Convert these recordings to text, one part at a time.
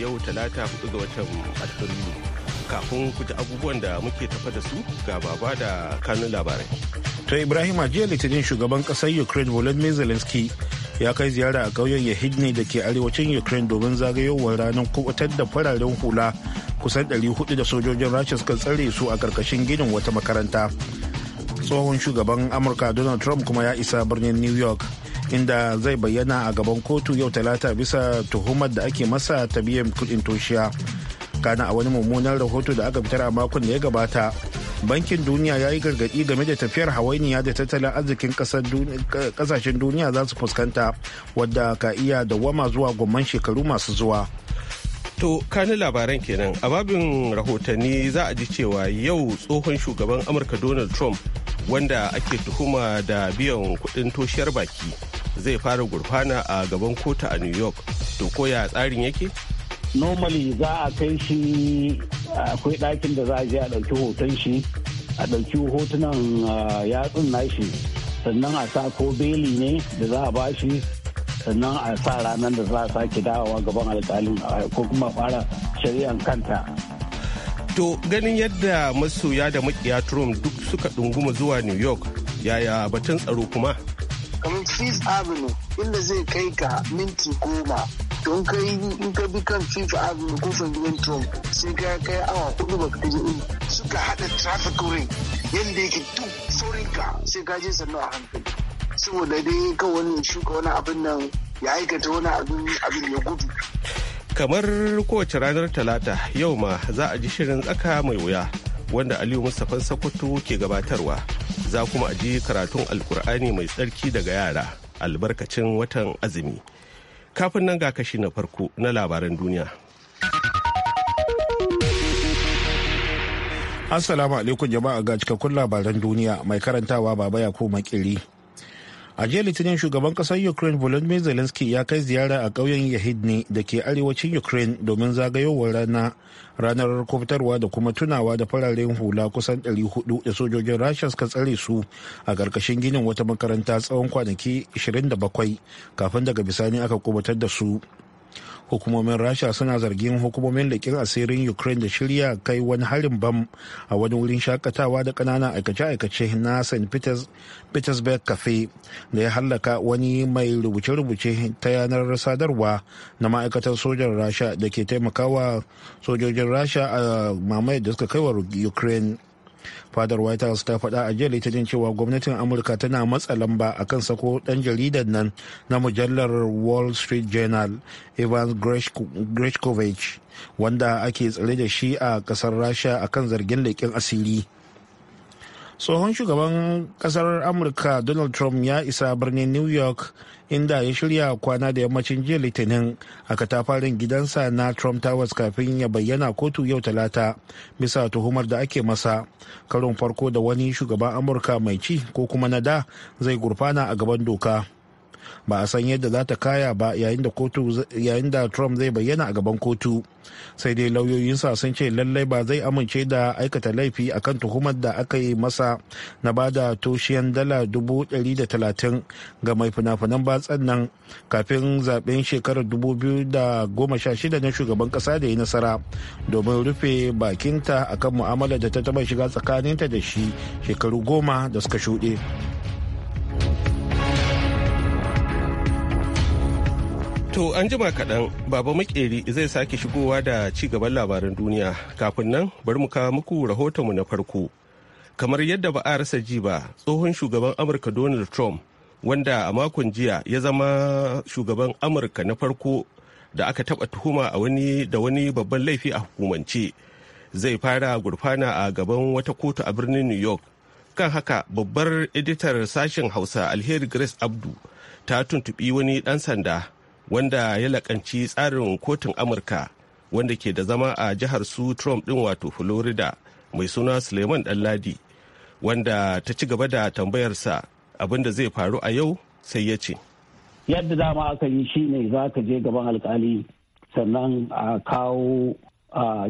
yau talata hudu ga watan Afrilu. Kafin ku ji abubuwan da muke tafa da su ga baba da kanun labarai. ta Ibrahim jiya litinin shugaban kasar Ukraine Volodymyr Zelensky ya kai ziyara a ƙauyen ne da ke arewacin Ukraine domin zagayowar ranar kubutar da fararen hula kusan 400 da sojojin Rasha suka tsare su a karkashin ginin wata makaranta. Tsohon shugaban Amurka Donald Trump kuma ya isa birnin New York. inda zai bayyana a gaban kotu yau talata bisa tuhumar da ake masa ta biyan kudin toshiya kana a wani mummunan rahoto da aka fitar a makon da ya gabata bankin duniya ya yi gargadi game da tafiyar hawainiya da tattalin arzikin kasashen duniya za su fuskanta wadda ka iya dawama zuwa gomman shekaru masu zuwa To kani labaran kenan a babin rahotanni za a ji cewa yau tsohon shugaban Amurka Donald Trump wanda ake tuhuma da biyan kudin toshiyar baki zai fara gurfana a gaban kota a new york to koya tsarin yake normally za a kai shi akwai ɗakin da za a je a ɗauki hoton shi a ɗauki hotunan yatsun nashi sannan a sa ko beli ne da za a ba shi sannan a sa ranar da za a sake dawowa gaban alkalin ko kuma fara shari'an kanta to ganin yadda masoya da makiya trump duk suka ɗunguma zuwa new york yaya batun tsaro kuma kamar fifth avenue inda zai kai ka minti goma don kai in ka bi kan fifth avenue kofar gidan trump sai ka kai awa hudu ba ka in suka hada traffic ring yadda yake duk saurin ka sai ka je sannu a hankali saboda dai ka wani shuka wani abin nan ya aikata wani abin abin ya gudu kamar kowace ranar talata yau ma za a ji shirin tsaka mai wuya wanda aliyu mustapha sokoto ke gabatarwa za kuma a ji karatun alkur'ani mai tsarki daga yara albarkacin watan azumi kafin nan ga kashi na farko na labaran duniya assalamu alaikum jama'a ga cikakkun labaran duniya mai karantawa baba yakubu makiri a jiya litinin shugaban kasar ukraine volodymyr zelensky ya kai ziyara a ƙauyen yahidni da ke arewacin ukraine domin zagayowar rana ranar kofitarwa da kuma tunawa da fararen hula kusan 400 da sojojin rasha suka tsare su a ƙarƙashin ginin wata makaranta tsawon kwanaki 27 kafin daga bisani aka kubutar da su hukumomin rasha suna zargin hukumomin lekin asirin ukraine da shirya kai wani harin bam a wani wurin shakatawa da ƙananan aikace-aikace na st petersburg cafe da ya hallaka wani mai rubuce-rubuce ta yanar sadarwa na ma'aikatar sojan rasha da ke taimakawa sojojin rasha a mamayar da suka kai wa ukraine fadar white house ta faɗa a jiya litinin cewa gwamnatin amurka tana matsa lamba a kan sako ɗan jaridar nan na mujallar wall street journal ivan grishkovich wanda ake tsare da shi a ƙasar rasha akan zargin leƙen asiri tsohon shugaban kasar amurka donald trump ya isa birnin new york inda ya shirya kwana da yammacin jiya litinin a katafarin gidansa na trump towers kafin ya bayyana kotu yau talata bisa tuhumar da ake masa karin farko da wani shugaban amurka mai ci ko kuma na da zai gurfana a gaban doka ba a san yadda za ta kaya ba yayin da trump zai bayyana a gaban kotu sai dai lauyoyinsa sun ce lallai ba zai amince da aikata laifi akan tuhumar da aka yi masa na ba da toshiyan dala dubu da talatin ga mai fina-finan batsan nan kafin zaben shekarar dubu sha shida na shugaban ƙasa da ya nasara domin rufe bakinta akan mu'amalar da ta taba shiga tsakaninta da shi shekaru goma da suka shuɗe. To an jima kaɗan baba makeri zai sake shigowa da ci gaban labaran duniya kafin nan bari mu kawo muku rahotonmu na farko. Kamar yadda ba a rasa ji ba tsohon shugaban Amurka Donald Trump wanda a makon jiya ya zama shugaban Amurka na farko da aka taɓa tuhuma a wani da wani babban laifi a hukumance zai fara gurfana a gaban wata kotu a birnin New York. Kan haka babbar editar sashen Hausa Alheri Grace Abdu ta tuntuɓi wani ɗan sanda wanda ya lakanci tsarin kotun amurka wanda ke da zama a jihar su trump din wato florida mai suna suleiman ɗanladi wanda ta ci gaba da tambayarsa abin da zai faru a yau sai ya ce yadda dama aka yi shi shine za ka je gaban alkali sannan a kawo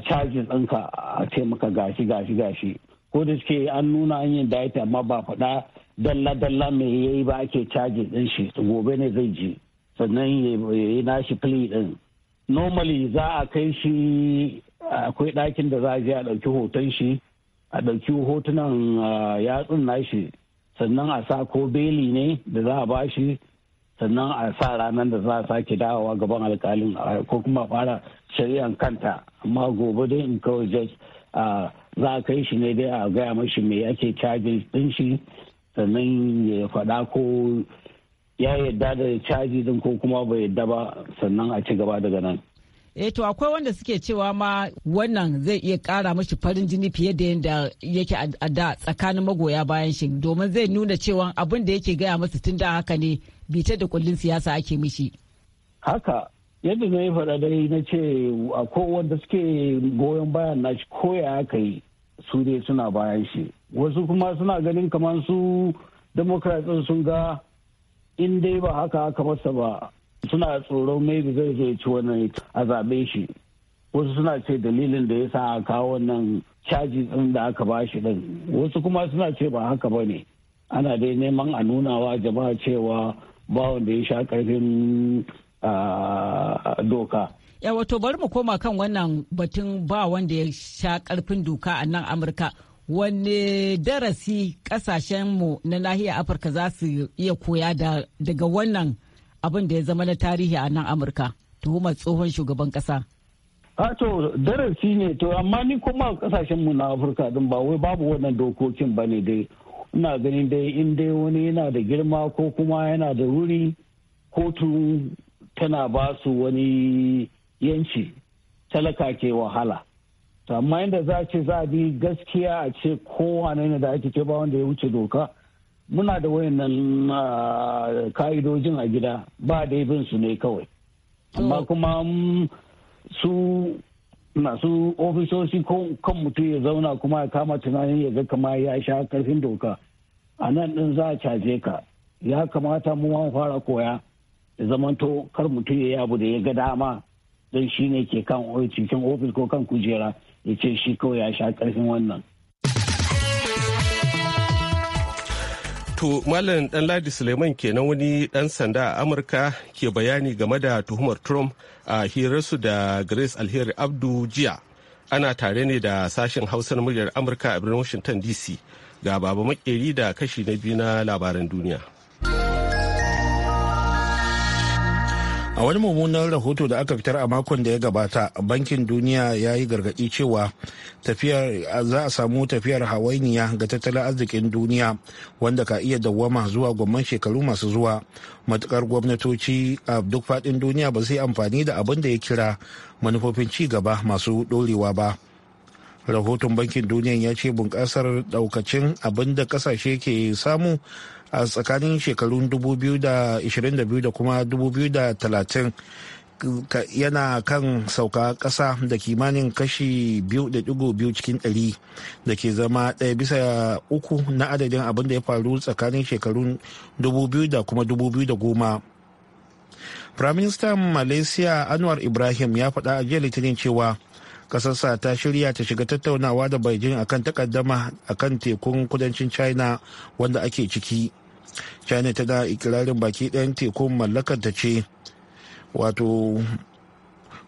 charges ɗinka a ce maka gashi gashi gashi ko da suke an nuna an yi diet amma ba faɗa dalla dalla mai yayi ba ake charges ɗin shi gobe ne zai je sannan ya yi nashi fili din normally za a kai shi akwai ɗakin da za a je a ɗauki hoton shi a ɗauki hotunan yatsun nashi sannan a sa ko beli ne da za a bashi sannan a sa ranar da za a sake dawowa gaban alkalin ko kuma fara shari'an kanta amma gobe dai in kawai just za a kai shi ne dai a gaya mashi me yake cajin din shi sannan ya faɗa ko ya yadda da caji din ko kuma bai yadda ba sannan a ci gaba daga nan eh to akwai wanda suke cewa ma wannan zai iya kara mashi farin jini fiye da yadda yake a da tsakanin magoya bayan shi domin zai nuna cewa abin da yake gaya masa tun da haka ne bita da kullun siyasa ake mishi haka yadda na yi faɗa dai na ce akwai wanda suke goyon bayan ko koya aka yi su ne suna bayan shi wasu kuma suna ganin kamar su democrats sun ga in dai ba haka aka masa ba suna tsoron maybe zai zo ci wannan a zaɓe shi wasu suna ce dalilin da ya sa a kawo wannan caji ɗin da aka ba shi ɗin wasu kuma suna ce ba haka ba ne ana dai neman a nunawa jama'a cewa ba wanda ya sha ƙarfin doka yawa to bari mu koma kan wannan batun ba wanda ya sha ƙarfin doka a nan amurka wanne darasi kasashenmu na nahiyar afirka za su iya koya daga wannan abin da ya zama na tarihi a nan amurka tuhumar tsohon shugaban kasa a to darasi ne to amma ni kuma kasashenmu na afirka din ba wai babu wannan dokokin ba ne dai ina ganin dai in dai wani yana da girma ko kuma yana da wuri kotu tana ba su wani yanci talaka ke wahala to amma yadda za a ce za a bi gaskiya a ce kowane ne da ake ce ba wanda ya wuce doka muna da wayannan ah, ka'idojin a gida ba da bin su ne kawai amma kuma mm, su masu ofisoshi kan mutum ya zauna kuma ya kama tunanin ya ga kama ya sha karfin doka a nan din za a caje ka ya kamata mu an fara koya da zamanto kar mutum ya yi da ya ga dama don shi ne ke kan cikin ofis ko kan kujera ya ce shi kawai ya sha karfin wannan To Malam ladi Suleiman kenan wani dan sanda a Amurka ke bayani game da tuhumar Trump a hirarsu da Grace Alheri Abdu jiya. Ana tare ne da sashen hausar muryar Amurka a birnin Washington DC ga baba makeri da kashi na biyu na labaran duniya. a wani mummunan rahoto da aka fitar a makon da ya gabata bankin duniya ya yi gargaɗi cewa za a samu tafiyar hawainiya ga tattalin arzikin duniya wanda ka iya dawwama zuwa gwamman shekaru masu zuwa matukar gwamnatoci a duk faɗin duniya ba su yi amfani da abin da ya kira manufofin ci gaba masu ɗorewa ba rahoton bankin duniya ya ce bunƙasar ɗaukacin abin da ƙasashe ke samu a tsakanin shekarun 2022 da kuma 2030 yana kan sauka kasa da kimanin kashi 2.2 cikin 100 da ke zama ɗaya bisa uku na adadin abin da ya faru tsakanin shekarun 2000 da kuma 2010 Firaministan Malaysia Anwar Ibrahim ya faɗa a jiya Litinin cewa kasarsa ta shirya ta shiga tattaunawa da Beijing akan takaddama akan tekun kudancin China wanda ake ciki. china tana ikirarin baki ɗayan tekun ta ce wato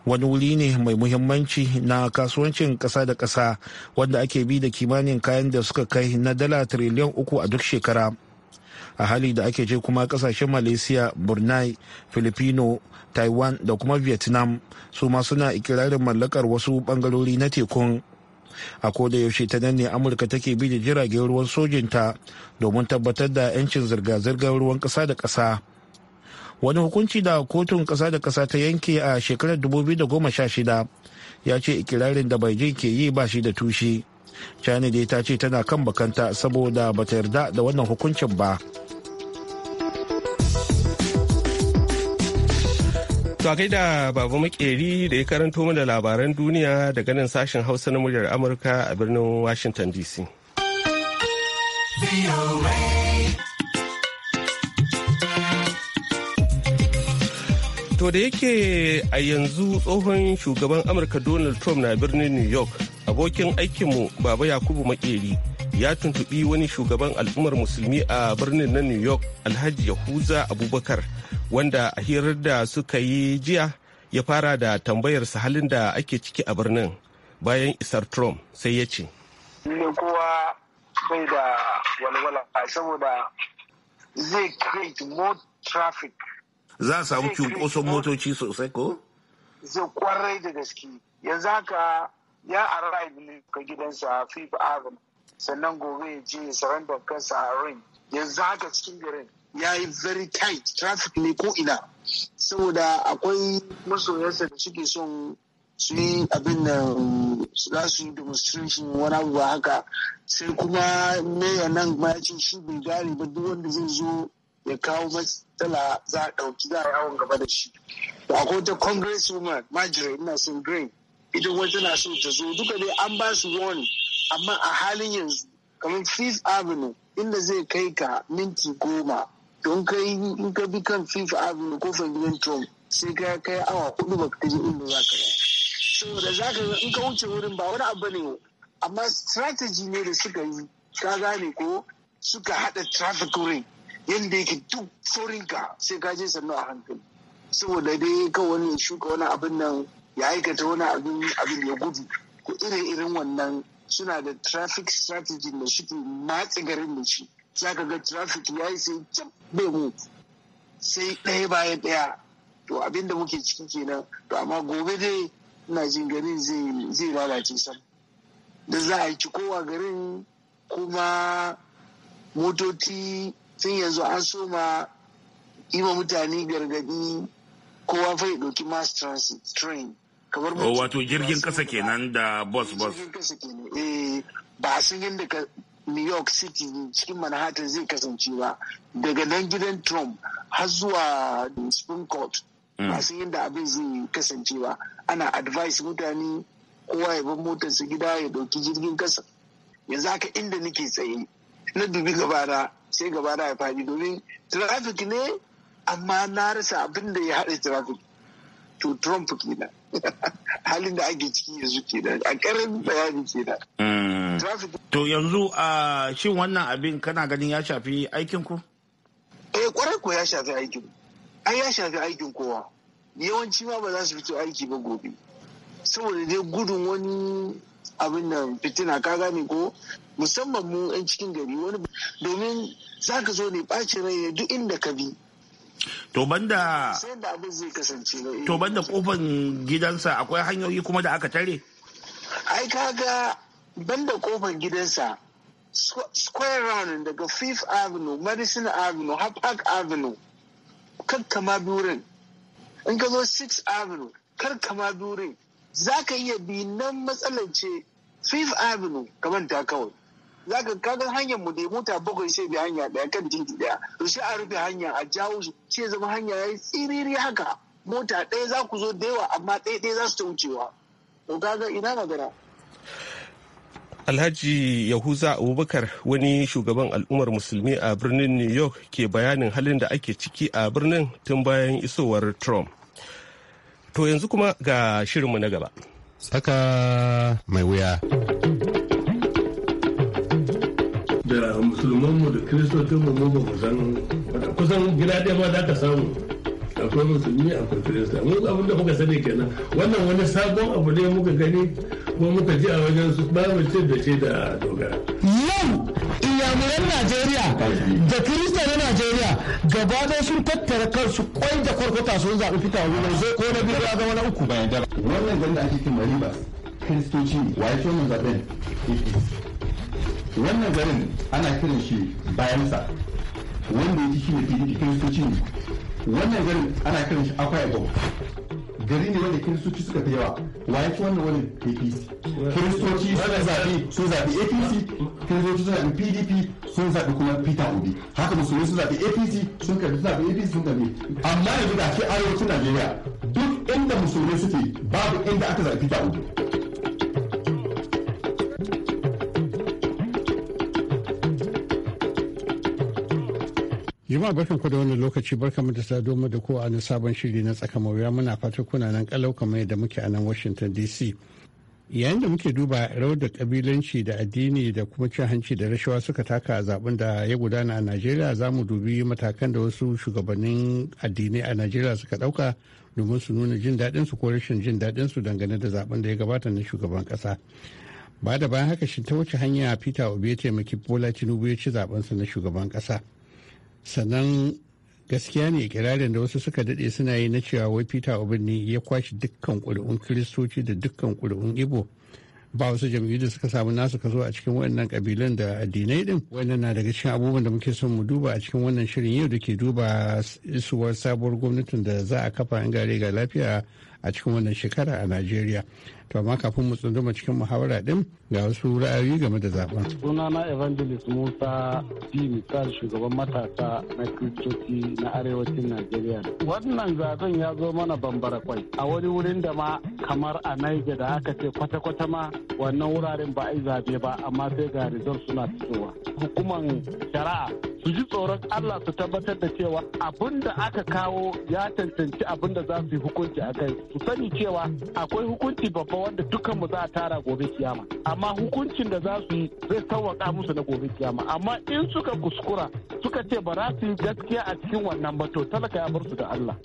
wani wuri ne mai muhimmanci na kasuwancin ƙasa da ƙasa wanda ake bi da kimanin kayan da suka kai na dala triliyan uku a duk shekara a hali da ake je kuma kasashen malaysia brunei filipino taiwan da kuma vietnam su ma suna ikirarin mallakar wasu bangarori na tekun a koda yaushe ta nan ne amurka take bi da jiragen ruwan sojinta domin tabbatar da 'yancin zirga-zirgar ruwan kasa da kasa. wani hukunci da kotun kasa da kasa ta yanke a shekarar 2016 ya ce ikirarin da beijing ke yi ba shi da tushe china dai ta ce tana kan bakanta saboda bata yarda da wannan hukuncin ba. To a gaida Babu Makeri da ya karanto mana labaran duniya daga nan sashen Hausa na muryar Amurka a birnin Washington DC. To da yake a yanzu tsohon shugaban Amurka Donald Trump na birnin New York, abokin aikinmu Baba Yakubu Makeri ya tuntuɓi wani shugaban al'ummar musulmi a birnin na New York Alhaji Yahuza Abubakar wanda a hirar da suka yi jiya ya fara da tambayar sa halin da ake ciki a birnin bayan isar trump sai ya ce kowa bai da walwala saboda zai create more traffic za a samu cunkoson motoci sosai ko? zai kwarai da gaske yanzu haka ya arrive ne ka gidansa a fifth avenue sannan gobe ya je ya sarandar kansa a ring yanzu haka cikin garin ya yi very tight traffic ne ko ina saboda akwai masoyarsa da suke son su yi abin da za su yi demonstration wani abu ba haka sai kuma mayor nan ma ya ce shi bai gane ba duk wanda zai zo ya kawo matsala za a ɗauki za a yawon gaba da shi da akwai wata Congress woman marjorie ina son green ita wata na so ta zo duka dai an ba su warning amma a halin yanzu kamar fifth avenue inda zai kai ka minti goma don kai in ka bi kan fifa avenue ko gidan trump sai ka kai awa hudu ba ka je inda za ka saboda za ka in ka wuce wurin ba wani abu ne amma strategy ne da suka yi ka gane ko suka haɗa traffic ring yadda yake duk forinka sai ka je sannu a hankali saboda dai ka wani shuka wani abin nan ya aikata wani abin ya gudu ko irin irin wannan suna da traffic strategy da suke matse garin da shi za ka ga traffic ya yi sai jam bai mu sai ɗaya bayan ɗaya to abin da muke ciki kenan to amma gobe dai ina jin garin zai lalace sam da za a ci kowa garin kuma motoci sun yanzu an soma yi mutane gargadi kowa fai ɗauki mass transit train kamar oh, wato jirgin kasa kenan da bus bus eh, ba sun yadda new york city cikin manhattan zai kasance ba daga nan gidan trump har zuwa supreme court mm. ba san yadda abin zai kasance ba ana advice mutane kowa ya bar motarsa gida ya ɗauki jirgin kasa ya zaka inda nake tsaye na dubi gabana sai gabana ya faɗi domin traffic ne amma na rasa abin da ya haɗa traffic to Trump kenan halin da ake ciki yanzu kenan a karin bayani kenan. Mm. To yanzu a shin wannan abin kana ganin ya shafi aikin ku? Eh kwarai ko ya shafi aikin. Ai ya shafi aikin kowa. Yawanci ma ba za su fito aiki ba gobe. Saboda dai gudun wani abin nan fitina ka gane ko musamman mu 'yan cikin gari wani domin za ka zo ne ɓacin rai duk inda ka bi To banda To banda kofan gidansa akwai hanyoyi kuma da aka tare? Ai kaga banda kofan gidansa square round daga Fifth Avenue, Madison Avenue, har Park Avenue kakkama durin. In ka zo Sixth Avenue karkama durin, Za ka iya bi nan matsalance Fifth Avenue ka manta kawai. za ka kaga hanyar mu da mota bakwai sai bi hanya daya kan titi daya to sai a rufe hanya a jawo shi sai zama hanya yayi tsiriri haka mota ɗaya za ku zo da yawa amma ɗaya ɗaya za su ta wucewa to kaga ina magana Alhaji Yahuza Abubakar wani shugaban al'ummar musulmi a birnin New York ke bayanin halin da ake ciki a birnin tun bayan isowar Trump. To yanzu kuma ga shirinmu na gaba. Saka mai wuya. da musulmanmu da kiristocinmu mu ba mu kusan gida ɗaya ma za ka samu akwai musulmi akwai kirista mu abin da muka sani kenan wannan wani sabon abu ne muka gani ko muka ji a wajen su ba mu ce da ce da dogara yau iyamuran najeriya da kirista na najeriya gaba da sun tattara kansu kwai da kwarkwata sun zaɓi fita wani zai ko na biyu ya zama na uku bayan wannan gani da ake kimari ba kiristoci wa ya ce mun zaɓen wannan garin ana kiran shi bayansa wanda ya shi ne pdp kiristoci ne wannan garin ana kiran shi akwai abu gari ne wanda kiristoci suka fi yawa wa ya ci wannan wani apc kiristoci suna zaɓi sun zaɓi apc kiristoci suna zaɓi pdp sun zaɓi kuma peter obi haka musulmi sun zaɓi apc sun karbi sun zaɓi apc sun zaɓi amma yanzu da ke arewacin najeriya duk inda musulmi suke babu inda aka zaɓi peter obi Jima barkan ku da wannan lokaci barka mu da sado mu da ko a sabon shiri na tsaka mawuya muna fatan kuna nan kalau kamar yadda muke a nan Washington DC. Yayin da muke duba rawar da kabilanci da addini da kuma cin hanci da rashawa suka taka a zaben da ya gudana a Najeriya za mu dubi matakan da wasu shugabannin addinai a Najeriya suka dauka domin su nuna jin daɗin su ko rashin jin daɗin su dangane da zaben da ya gabata na shugaban kasa Ba da bayan haka shi ta wace hanya Peter Obi ya taimaki Bola Tinubu ya ci zaben su na shugaban kasa. sannan gaskiya ne kirarin da wasu suka dade suna yi na cewa wai peter obin ne ya kwashe dukkan kuri'un kiristoci da dukkan ƙuri'un ibo ba wasu jam'iyyu da suka samu nasu kaso a cikin wannan kabilan da addinai din wannan na daga cikin abubuwan da muke son mu duba a cikin wannan shirin yau da ke duba isuwar sabuwar gwamnatin da za a kafa in gare ga lafiya a cikin wannan shekara a najeriya to amma kafin mu tsunduma cikin muhawara din ga wasu ra'ayoyi game da zaben sunana evangelist musa b misal shugaban matasa na kristoci na arewacin najeriya wannan zaben ya zo mana bambara kwai a wani wurin da ma kamar a niger da aka ce kwata-kwata ma wannan wuraren ba a yi zabe ba amma sai ga rizal suna fitowa hukuman shari'a su ji tsoron Allah su tabbatar da cewa abin da aka kawo ya tantance abin da za su yi hukunci a kai su sani cewa akwai hukunci babba wanda dukkanmu za a tara gobe kiyama amma hukuncin da za su yi zai sauwaka musu na gobe kiyama amma in suka kuskura suka ce ba za su yi gaskiya a cikin wannan ba to talaka ya bar su da Allah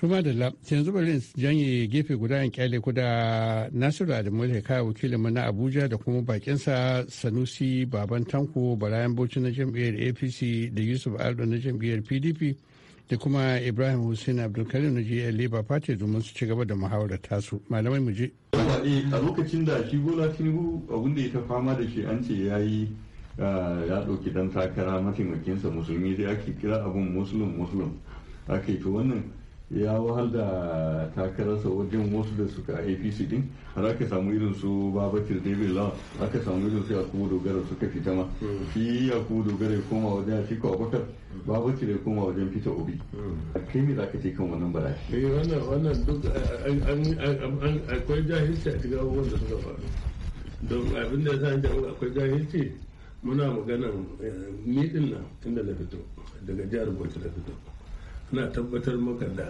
kuma da lab, yanzu bari janye gefe guda yan kyale ku da Nasiru Adamu da kaya wakilinmu na Abuja da kuma bakinsa Sanusi Baban Tanko Barayan Bauchi na jam'iyyar APC da Yusuf Aldo na jam'iyyar PDP da kuma ibrahim hussein abdulkarim na jiyar labour party domin su ci gaba da muhawarar tasu malamai muje a lokacin da shi bola tinubu abun da ya ta fama da shi an ce ya yi ah, ya ɗauki dan takara mataimakinsa musulmi sai ake kira abun musulun musulun ake to wannan ya wahal da takararsa wajen wasu da suka apc din har aka samu irin su babakir david law aka samu irin su yakubu dogara suka fita ma hmm. shi yakubu dogara ya koma wajen atiku abubakar hmm. babakir ya koma wajen fita obi a hmm. kai me za ka ce kan wannan bara shi eh, wannan wannan duk eh, akwai jahilci a cikin abubuwan da suka faru don abin da ya sa akwai jahilci muna maganan mitin eh, nan tun da na fito daga jihar bauchi na fito na tabbatar maka da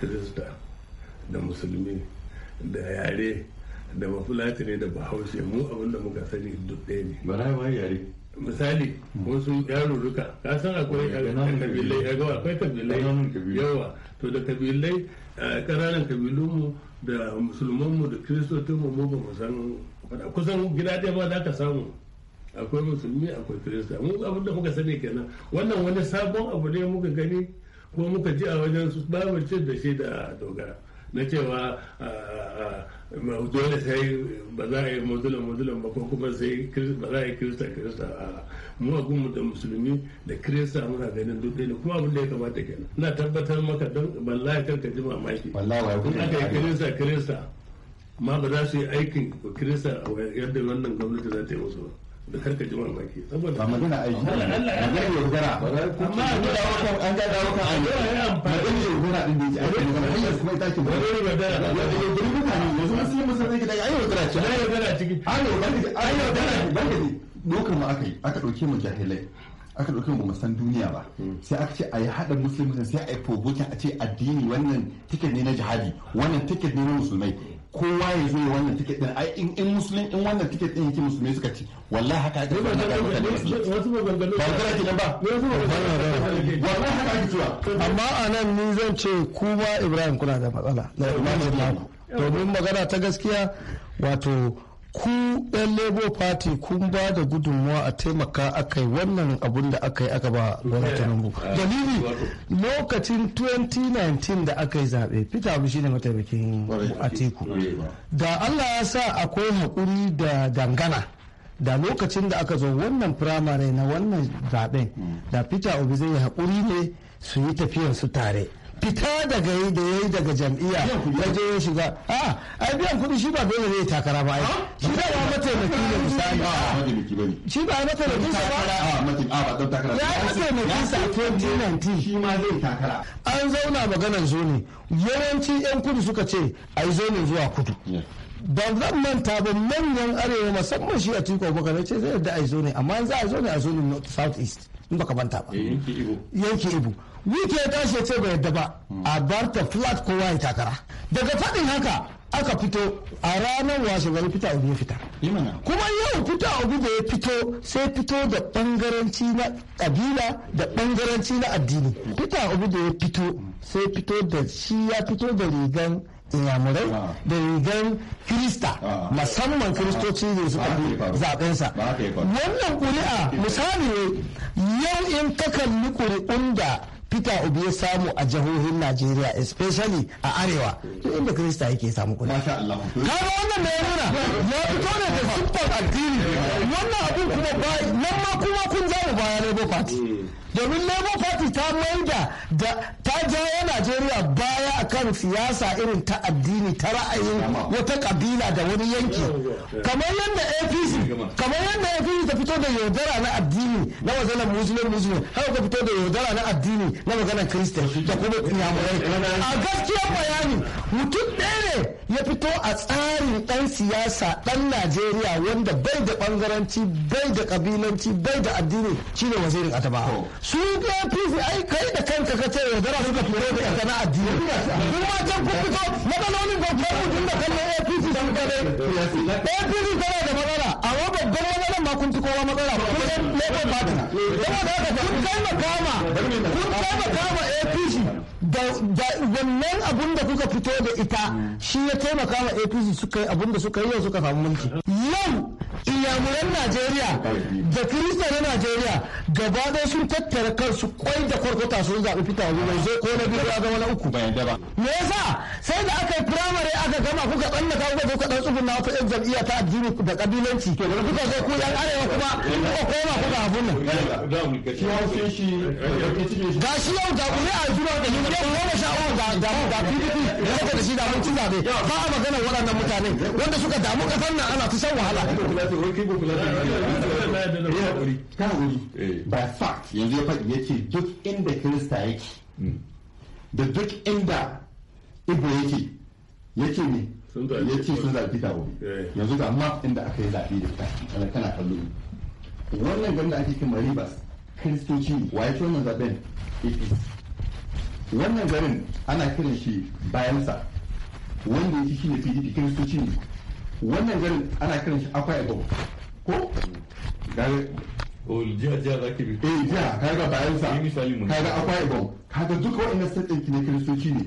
kirista da musulmi da yare da bafulatani da bahaushe mu abinda muka sani duk ɗaya ne bara yare misali wasu yarurruka ka san akwai kabilai gawa akwai kabilai yawa to da kabilai ƙananan kabilunmu da musulmanmu da kiristotinmu mu ba mu san kusan gida ɗaya ba za ka samu akwai musulmi akwai kirista mu abinda da muka sani kenan wannan wani sabon abu ne muka gani ko muka ji a wajen su ba mu ce da shi da dogara na cewa dole sai ba za a yi musulun musulun ba ko kuma sai ba za a yi kirista kirista a mu a gunmu da musulmi da kirista muna ganin duk ne kuma abin da ya kamata kenan na tabbatar maka don wallahi kar ka ji mamaki in aka yi kirista kirista ma ba za su yi aikin kirista yadda wannan gwamnati za ta yi musu ba da karka ji mamaki saboda ba magana aiki magana yaudara amma da dawokan an ga an ga din da yake a cikin magana yaudara kuma ita ke magana yaudara wanda ya gari mutane yanzu musulmi musulmi gida ai yaudara ce ai yaudara ce ai yaudara ai yaudara barka ne dokar mu aka aka dauke mu jahilai aka dauke mu san duniya ba hmm. sai aka ce a yi haɗa musulmi sai a yi fobokin a ce addini wannan tiket ne na jihadi wannan tiket ne na musulmai kowa ya zo wannan ticket din ai in in in wannan ticket din yake musulmi suka ci wallahi haka ake zuwa ga mutane musulmi ba kira ki nan ba wallahi haka ake zuwa amma anan ni zan ce ku ba Ibrahim kuna da matsala da imanin naku domin magana ta gaskiya wato ku yan labour party kun ba da gudunmuwa a taimaka aka wannan abun da aka yi aka ba gwamnati eh, tinubu eh, dalili lokacin 2019 da aka yi zaɓe peter abu shine mataimakin atiku eh, da allah ya sa akwai haƙuri da dangana da lokacin da aka zo wannan firamare na wannan zaɓen mm. da peter obi zai haƙuri ne su yi tafiyar su tare fita daga yi da yayi daga jam'iyya ya je ya shiga a ah, ai biyan kuɗi shi ba dole ne takara ba shi da ba mataimaki ne misali shi ba mataimakin sa ba ah, ah, ya mataimakin sa 2019 shi ma zai takara an zauna maganar zo ne yawanci yan kudu suka ce ai zo zuwa kudu ba zan manta ba manyan arewa musamman shi a tiko bakar ce zai yadda a zo ne amma za a zo ne a zo ne south east in baka manta ba yanki ibu wike ya tashi ce bai yadda ba a bar flat kowa ya takara daga faɗin haka aka fito a ranar washe gari fita ubi ya fita kuma yau fita ubi da ya fito sai fito da bangaranci na kabila da bangaranci na addini fita ubi da ya fito sai fito da shi ya fito da rigan inyamurai ah. da rigar kirista ah. musamman ah. kiristoci ne suka bi zaɓensa wannan ƙuri'a misali ne yau in ka kalli ƙuri'un da fita obi ya samu a jihohin najeriya especially a arewa to inda krista yake samu kuɗi ga wannan da ya nuna ya fito ne da siffar addini wannan abin kuma nan ma kuma kun zamu baya labour party hmm. domin labour party ta maida da ta jawo najeriya baya akan siyasa irin ta addini ta ra'ayin wata kabila da wani yanki kamar yadda apc kamar yadda apc ta fito da yaudara na addini na wazanar musulun musulun haka ta fito da yaudara na addini na maganar kristan da kuma inyamurai a gaskiya bayani mutum ɗaya ne ya fito a tsarin ɗan siyasa ɗan najeriya wanda bai da ɓangaranci bai da ƙabilanci bai da addini shine wazirin ataba su da tufi ai kai da kanka ka ce zara suka fito da kana addini kuma can kun fito matsalolin babban mutum da kallon APC sun kare APC tana da matsala amma babban matsalan ma kun ci kowa matsala kun san Labour Party saboda haka kun kai makama kun kai makama APC wannan abun da kuka fito da ita shi ya taimaka wa apc suka yi abun da suka yi yau suka samu mulki yau iyamuran najeriya da kirista na najeriya gaba da sun tattara kansu kwai da kwarkwata sun zaɓi fita wani mai zai ko na biyu ya ga wani uku me yasa sai da aka yi firamare aka gama kuka tsallaka kuka zo ka ɗan tsubin na wata yan jam'iyya ta addini da kabilanci kuka zo ku yan arewa kuma kuka koma kuka abun nan ga shi yau da kuma a zuwa da goma sha uku da da PDP da yake da shi da mun zabe ba a magana waɗannan mutane wanda suka damu kasar nan ana ta shan wahala by fact yanzu ya faɗi yace duk inda Kirista yake da duk inda Igbo yake yake ne ya ce sun zaɓi ta obi yanzu ga map inda aka yi zaɓi da ta kana kallo wannan ganda ake kin maribas kristoci wa ya ce wannan zaɓen it is wannan garin ana kiran shi bayansa wanda yake shine pdp kiristoci ne wannan garin ana kiran shi akwai ebo ko oh, jiya jiya za ki bi eh jiya kaga bayansa kaga akwai ebo kaga duka waɗannan sassan ki ne kiristoci ne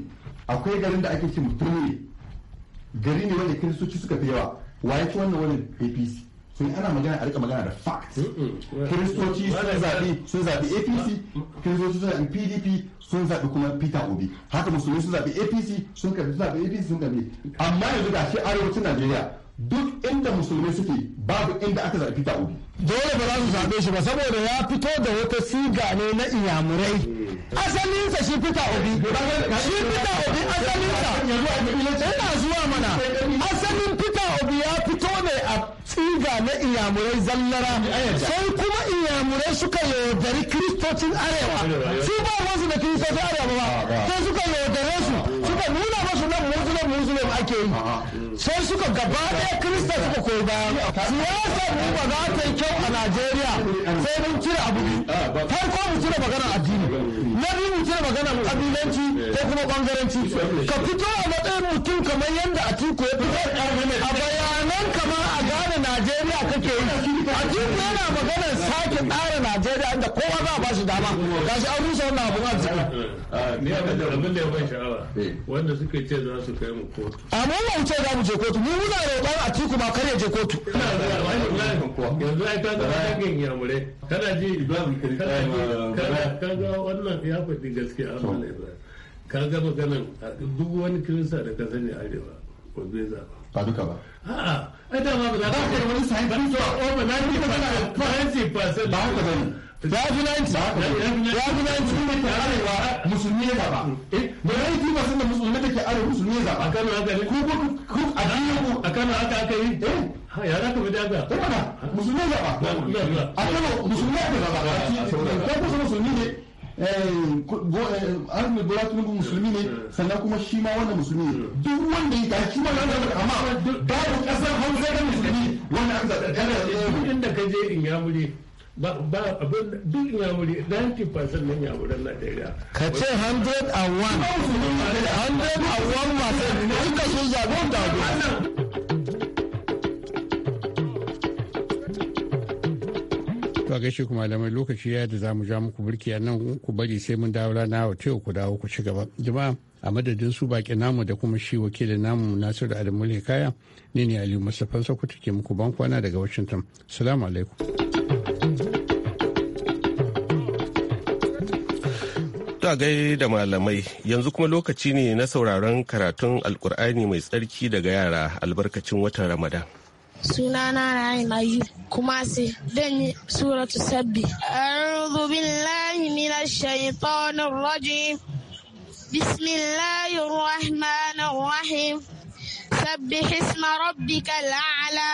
akwai garin da ake ce mutum ne gari ne wanda kiristoci suka fi yawa waye ci wannan wani apc in ana magana a rika magana da fact kiristoci sun zaɓi sun zaɓi apc kiristoci sun zaɓi pdp sun zaɓi kuma peter obi haka musulmi sun zaɓi apc sun sun zaɓi apc sun karɓi amma yanzu ga shi arewacin najeriya duk inda musulmi suke babu inda aka zaɓi peter obi dole ba za su zaɓe shi ba saboda ya fito da wata siga ne na iyamurai asalinsa shi peter obi shi peter obi asalinsa yana zuwa tsiga na iyamurai zallara sai kuma iyamurai suka yaudari kiristocin arewa su ba wasu da kiristocin arewa ba sai suka yaudare su suka nuna masu nan musulun musulun ake yi sai suka gaba ɗaya kirista suka koyi ba siyasa mu ba za ta yi kyau a najeriya sai mun cire abu farko mu cire magana addini na biyu mu cire magana kabilanci ko kuma bangaranci ka fito a matsayin mutum kamar yadda tuko ya fito a bayanan kamar a Atiku yana maganar sake tsara Najeriya inda kowa za a ba shi dama ga shi an rusa wannan abun cikin. Ni abin da abin da ya ban sha'awa wanda suka ce za su kai mu kotu. Amma ba mu ce za mu je kotu mu muna roƙon Atiku ba kar ya je kotu. Yanzu ai ka zama dangin yamurai kana ji ga wannan ya faɗi gaskiya amma ka ga maganan duk wani kirista da ka sani arewa ko zai zaba. ba duka ba a'a ai dama ba ka wani ba over 90% percent ba haka bane ya fi ya fi ne ke arewa musulmi ya zaba da ya yi da musulmi da ke arewa musulmi ya zaba a kano haka ne a a kano haka aka yi ya za ka bi daga musulmi ya zaba a kano musulmi ya zaba musulmi ne army bola ko musulmi ne eh, eh. sannan kuma shi ma wannan musulmi ne eh. duk wanda ya tashi ma wannan wanda amma babu kasar hausa da musulmi wanda aka zaɓa kada da inda ka je in ya mure ba abin duk ya nan ya ka ce 101 101 masu duka sun zaɓi da To gaishe ku malamai lokaci ya da zamu ja muku burki a nan ku bari sai mun dawo rana a tewa ku dawo ku ci gaba. Jama'a a madadin su baƙi namu da kuma shi wakilin namu Nasiru Adamu Hikaya ne ne Aliyu Mustapha Sokoto ke muku ban kwana daga Washington. Salamu alaikum. Ta gai da malamai yanzu kuma lokaci ne na sauraron karatun alkur'ani mai tsarki daga yara albarkacin watan Ramadan. sunana Ra'ayin Ayub kuma sai dan yi suratu sabbi. A'udhu billahi minash shaitanir rajim. Bismillahir rahmanir rahim. سبح اسم ربك الأعلى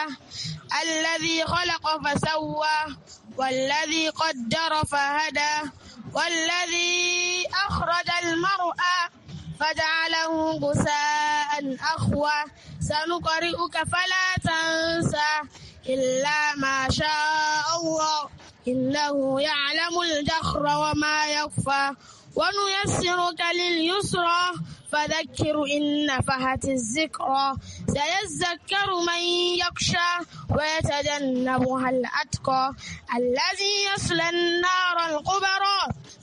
الذي خلق فسوى والذي قدر فهدى والذي أخرج المرأة فجعله غساء أخوى سنقرئك فلا تنسى إلا ما شاء الله إنه يعلم الجهر وما يخفى ونيسرك لليسرى فذكر إن نفحت الذكرى سيذكر من يخشى ويتجنبها الأتقى الذي يصلى النار الكبرى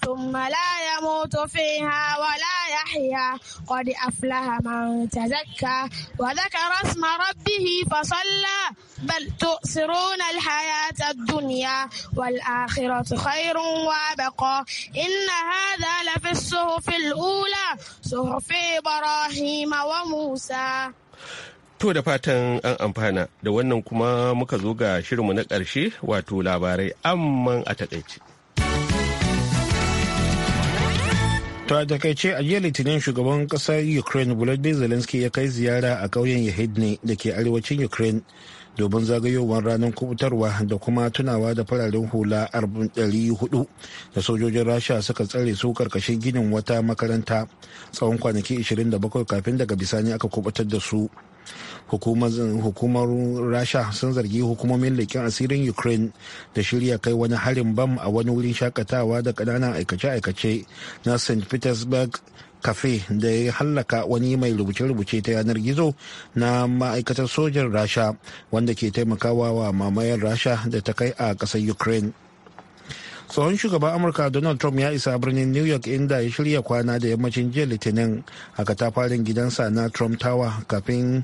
ثم لا يموت فيها ولا يحيى قد أفلح من تزكى وذكر اسم ربه فصلى بل تؤثرون الحياة الدنيا والآخرة خير وأبقى إن هذا لفي الصحف الأولى صحف إبراهيم وموسى To da fatan an amfana da wannan kuma muka zo ga shirinmu na ƙarshe wato labarai amman a taƙaice. ta a takaice a jiya litinin shugaban kasar Ukraine Volodymyr Zelensky ya kai ziyara a ƙauyen Yahidne da ke arewacin Ukraine domin zagayowar ranar kubutarwa da kuma tunawa da fararen hula 400 da sojojin rasha suka tsare su karkashin ginin wata makaranta tsawon kwanaki 27 kafin daga bisani aka kubutar da su hukumar rasha sun zargi hukumomin leƙen asirin ukraine da shirya kai wani harin bam a wani wurin shakatawa da ƙananan aikace-aikace na st petersburg cafe da ya hallaka wani mai rubuce-rubuce ta yanar gizo na ma'aikatar sojan rasha wanda ke taimakawa wa mamayar rasha da ta kai a ƙasar ukraine tsohon shugaban amurka donald trump ya isa birnin new york inda ya shirya kwana da yammacin jiya litinin a katafarin gidansa na trump tower kafin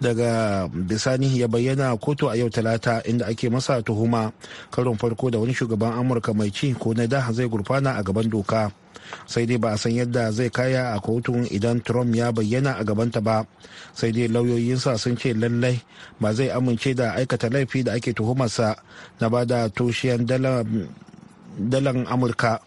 daga bisani ya bayyana kotu a yau talata inda ake masa tuhuma karon farko da wani shugaban amurka mai ci ko na da zai gurfana a gaban doka sai dai ba a san yadda zai kaya a kotu idan trump ya bayyana a gabanta ba sai dai lauyoyinsa sun ce lallai ba zai amince da aikata laifi da ake tuhumarsa na ba da toshiyan dala dalan amurka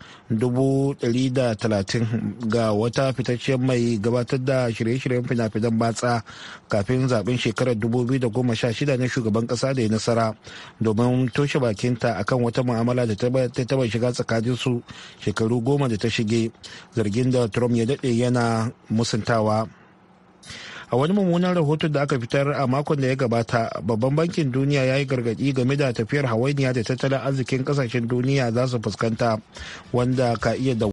talatin ga wata fitacciyar mai gabatar da shirye-shiryen fina-finan batsa kafin zaben shekarar 2016 na shugaban ƙasa da ya nasara domin toshe bakinta akan wata mu'amala da ta taba shiga tsakanin su shekaru goma da ta shige zargin da trump ya daɗe yana musuntawa a wani mummunan rahoton da aka fitar a makon da ya gabata babban bankin duniya ya yi gargaɗi game da tafiyar hawainiya da tattalin arzikin kasashen duniya za su fuskanta wanda ka iya